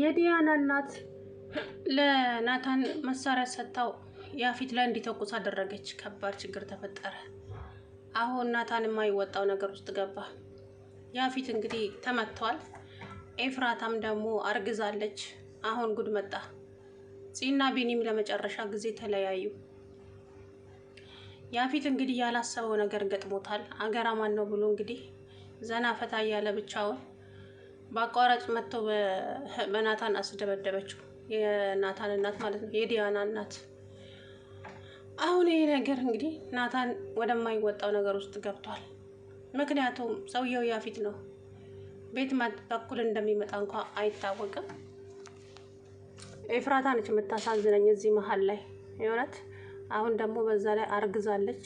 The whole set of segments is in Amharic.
የዲያና እናት ለናታን መሳሪያ ሰጥታው ያፊት ላይ እንዲተኩስ አደረገች። ከባድ ችግር ተፈጠረ። አሁን ናታን የማይወጣው ነገር ውስጥ ገባ። ያፊት እንግዲህ ተመቷል። ኤፍራታም ደግሞ አርግዛለች። አሁን ጉድ መጣ። ጺና ቢኒም ለመጨረሻ ጊዜ ተለያዩ። ያፊት እንግዲህ ያላሰበው ነገር ገጥሞታል። አገራማን ነው ብሎ እንግዲህ ዘና ፈታ እያለ ብቻውን በአቋራጭ መጥተው በናታን አስደበደበችው። የናታን እናት ማለት ነው፣ የዲያና እናት። አሁን ይሄ ነገር እንግዲህ ናታን ወደማይወጣው ነገር ውስጥ ገብቷል። ምክንያቱም ሰውየው ያፊት ነው፣ ቤት በኩል እንደሚመጣ እንኳ አይታወቅም። ኤፍራታ ነች የምታሳዝነኝ እዚህ መሀል ላይ የእውነት አሁን ደግሞ በዛ ላይ አርግዛለች።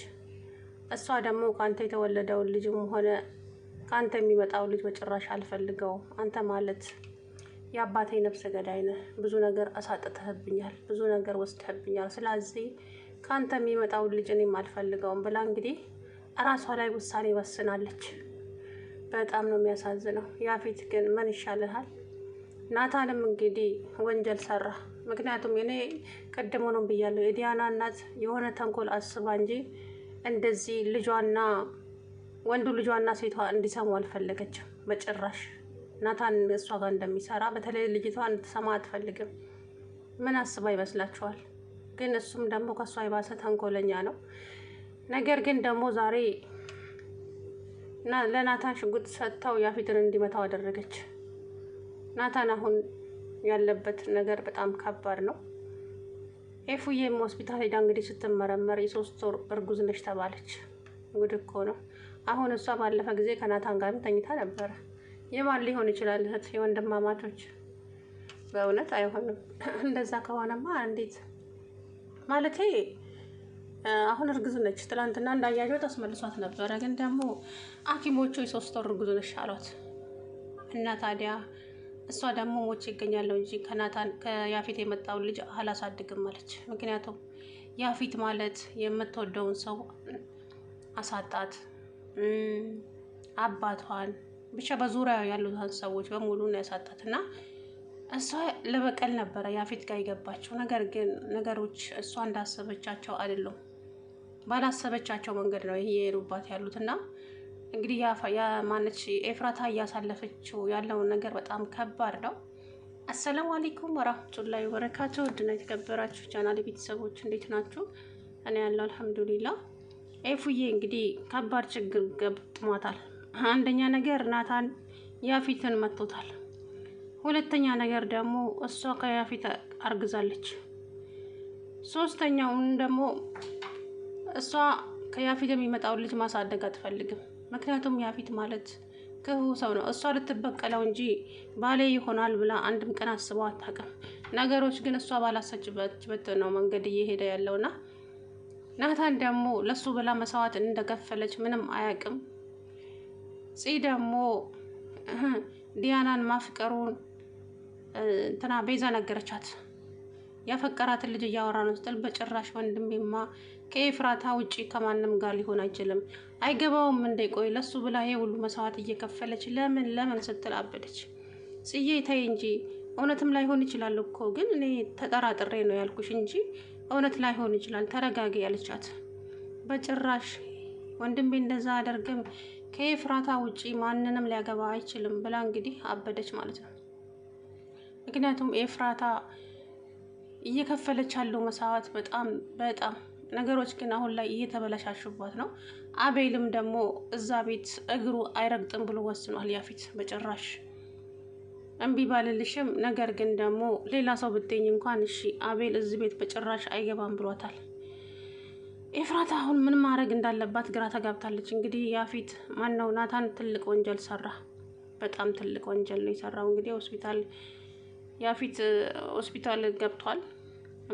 እሷ ደግሞ ከአንተ የተወለደውን ልጅም ሆነ ከአንተ የሚመጣው ልጅ በጭራሽ አልፈልገውም። አንተ ማለት የአባቴ ነፍሰ ገዳይ ነህ። ብዙ ነገር አሳጥተህብኛል፣ ብዙ ነገር ወስደህብኛል። ስለዚህ ከአንተ የሚመጣው ልጅ እኔም አልፈልገውም ብላ እንግዲህ እራሷ ላይ ውሳኔ ወስናለች። በጣም ነው የሚያሳዝነው። ያፌት ግን ምን ይሻልሃል? ናታንም እንግዲህ ወንጀል ሰራ። ምክንያቱም እኔ ነው ብያለሁ የዲያና እናት የሆነ ተንኮል አስባ እንጂ እንደዚህ ልጇና ወንዱ ልጇና ሴቷ እንዲሰሙ አልፈለገችም በጭራሽ። ናታን እሷ ጋር እንደሚሰራ በተለይ ልጅቷ እንድትሰማ አትፈልግም። ምን አስባ ይመስላችኋል? ግን እሱም ደግሞ ከእሷ የባሰ ተንኮለኛ ነው። ነገር ግን ደግሞ ዛሬ ለናታን ሽጉጥ ሰጥተው ያፊትን እንዲመታው አደረገች። ናታን አሁን ያለበት ነገር በጣም ከባድ ነው። ኤፉዬም ሆስፒታል ሄዳ እንግዲህ ስትመረመር የሶስት ወር እርጉዝ ነች ተባለች። ጉድ እኮ ነው። አሁን እሷ ባለፈ ጊዜ ከናታን ጋርም ተኝታ ነበረ። የማን ሊሆን ይችላል? እህት የወንድማማቾች? በእውነት አይሆንም። እንደዛ ከሆነማ እንዴት ማለቴ አሁን እርግዝ ነች። ትላንትና እንዳያቸው አስመልሷት ነበረ። ግን ደግሞ ሐኪሞቹ የሶስት ወር እርግዝ ነሽ አሏት እና ታዲያ እሷ ደግሞ ሞቼ ይገኛለሁ እንጂ ከናታን ከያፊት የመጣውን ልጅ አላሳድግም አለች። ምክንያቱም ያፊት ማለት የምትወደውን ሰው አሳጣት። አባቷን ብቻ በዙሪያ ያሉትን ሰዎች በሙሉ ነው ያሳጣት እና እሷ ለበቀል ነበረ ያፌት ጋር የገባቸው። ነገር ግን ነገሮች እሷ እንዳሰበቻቸው አይደለም፣ ባላሰበቻቸው መንገድ ነው ይሄ የሄዱባት ያሉት እና እንግዲህ ማነች ኤፍራታ እያሳለፈችው ያለውን ነገር በጣም ከባድ ነው። አሰላሙ አሌይኩም ወራህመቱላሂ ወበረካቱ። ውድና የተከበራችሁ ቻናል ቤተሰቦች እንዴት ናችሁ? እኔ ያለው አልሐምዱሊላ ኤፉዬ እንግዲህ ከባድ ችግር ገጥሟታል። አንደኛ ነገር ናታን ያፊትን መቶታል። ሁለተኛ ነገር ደግሞ እሷ ከያፊት አርግዛለች። ሶስተኛውን ደግሞ እሷ ከያፊት የሚመጣውን ልጅ ማሳደግ አትፈልግም። ምክንያቱም ያፊት ማለት ክፉ ሰው ነው። እሷ ልትበቀለው እንጂ ባሌ ይሆናል ብላ አንድም ቀን አስበው አታውቅም። ነገሮች ግን እሷ ባላሰችበት ነው መንገድ እየሄደ ያለውና ናታን ደግሞ ለሱ ብላ መስዋዕት እንደከፈለች ምንም አያውቅም። ፂ ደግሞ ዲያናን ማፍቀሩን እንትና ቤዛ ነገረቻት። ያፈቀራትን ልጅ እያወራ ነው ስትል በጭራሽ ወንድሜማ ከኤፍራታ ውጪ ከማንም ጋር ሊሆን አይችልም፣ አይገባውም። እንዳይቆይ ለሱ ብላ ይሄ ሁሉ መስዋዕት እየከፈለች ለምን ለምን ስትል አበደች። ጽዬ ተይ እንጂ እውነትም ላይሆን ይችላል እኮ ግን እኔ ተጠራጥሬ ነው ያልኩሽ እንጂ እውነት ላይሆን ይችላል፣ ተረጋጊ ያለቻት። በጭራሽ ወንድሜ እንደዛ አደርግም፣ ከኤፍራታ ውጪ ማንንም ሊያገባ አይችልም ብላ እንግዲህ አበደች ማለት ነው። ምክንያቱም ኤፍራታ እየከፈለች ያለው መስዋዕት በጣም በጣም ነገሮች ግን አሁን ላይ እየተበላሻሹባት ነው። አቤልም ደግሞ እዛ ቤት እግሩ አይረግጥም ብሎ ወስኗል። ያፊት በጭራሽ እምቢ ባልልሽም ነገር ግን ደግሞ ሌላ ሰው ብትኝ እንኳን እሺ አቤል እዚህ ቤት በጭራሽ አይገባም ብሏታል። ኤፍራት አሁን ምን ማድረግ እንዳለባት ግራ ተጋብታለች። እንግዲህ ያፊት ማነው ናታን ትልቅ ወንጀል ሰራ። በጣም ትልቅ ወንጀል ነው የሰራው። እንግዲህ ሆስፒታል ያፊት ሆስፒታል ገብቷል።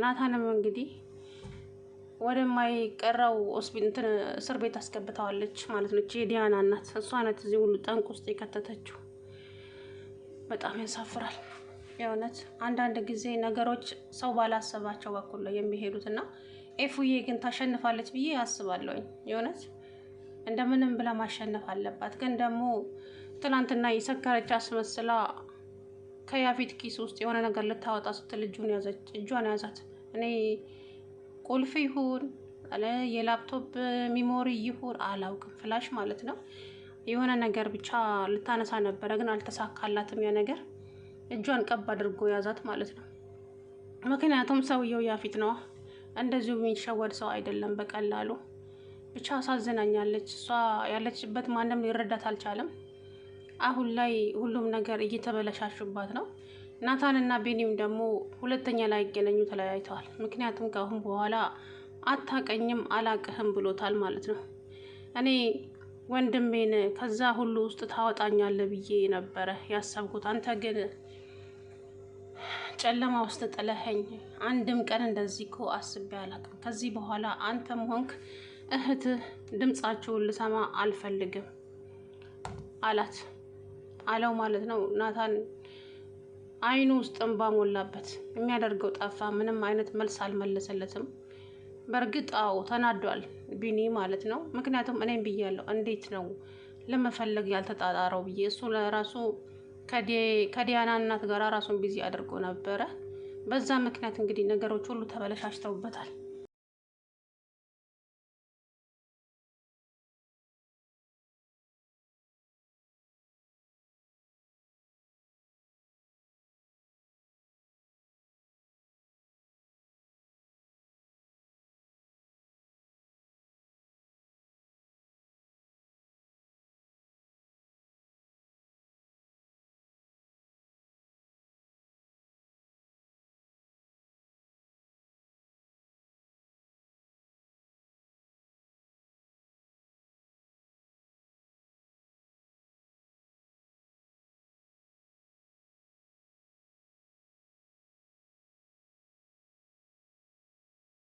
ናታንም እንግዲህ ወደማይቀረው እንትን እስር ቤት አስገብተዋለች ማለት ነው። ዲያና ናት እሷ ናት እዚህ ሁሉ ጠንቅ ውስጥ የከተተችው። በጣም ያሳፍራል። የእውነት አንዳንድ ጊዜ ነገሮች ሰው ባላሰባቸው በኩል ነው የሚሄዱት እና ኤፉዬ ግን ታሸንፋለች ብዬ አስባለሁኝ። የእውነት እንደምንም ብላ ማሸነፍ አለባት። ግን ደግሞ ትናንትና የሰከረች አስመስላ ከያፊት ኪስ ውስጥ የሆነ ነገር ልታወጣ ስትል እጁን ያዘች፣ እጇን ያዛት። እኔ ቁልፍ ይሁን የላፕቶፕ ሚሞሪ ይሁን አላውቅም፣ ፍላሽ ማለት ነው የሆነ ነገር ብቻ ልታነሳ ነበረ፣ ግን አልተሳካላትም። ያ ነገር እጇን ቀብ አድርጎ ያዛት ማለት ነው። ምክንያቱም ሰውየው ያፊት ነዋ፣ እንደዚሁ የሚሸወድ ሰው አይደለም በቀላሉ። ብቻ አሳዝናኛለች። እሷ ያለችበት ማንም ሊረዳት አልቻለም። አሁን ላይ ሁሉም ነገር እየተበለሻሹባት ነው። ናታን እና ቤኒም ደግሞ ሁለተኛ ላይ ይገናኙ ተለያይተዋል። ምክንያቱም ከአሁን በኋላ አታቀኝም አላቅህም ብሎታል ማለት ነው እኔ ወንድሜን ከዛ ሁሉ ውስጥ ታወጣኛለ ብዬ ነበረ ያሰብኩት። አንተ ግን ጨለማ ውስጥ ጥለኸኝ፣ አንድም ቀን እንደዚህ እኮ አስቤ አላውቅም። ከዚህ በኋላ አንተም ሆንክ እህት ድምፃችሁን ልሰማ አልፈልግም አላት አለው ማለት ነው። ናታን አይኑ ውስጥ እንባ ሞላበት። የሚያደርገው ጠፋ። ምንም አይነት መልስ አልመለሰለትም። በእርግጥ አዎ ተናዷል ቢኒ ማለት ነው። ምክንያቱም እኔም ብያለሁ እንዴት ነው ለመፈለግ ያልተጣጣረው ብዬ እሱ ለራሱ ከዲያና እናት ጋር ራሱን ቢዚ አድርጎ ነበረ። በዛ ምክንያት እንግዲህ ነገሮች ሁሉ ተበለሻሽተውበታል።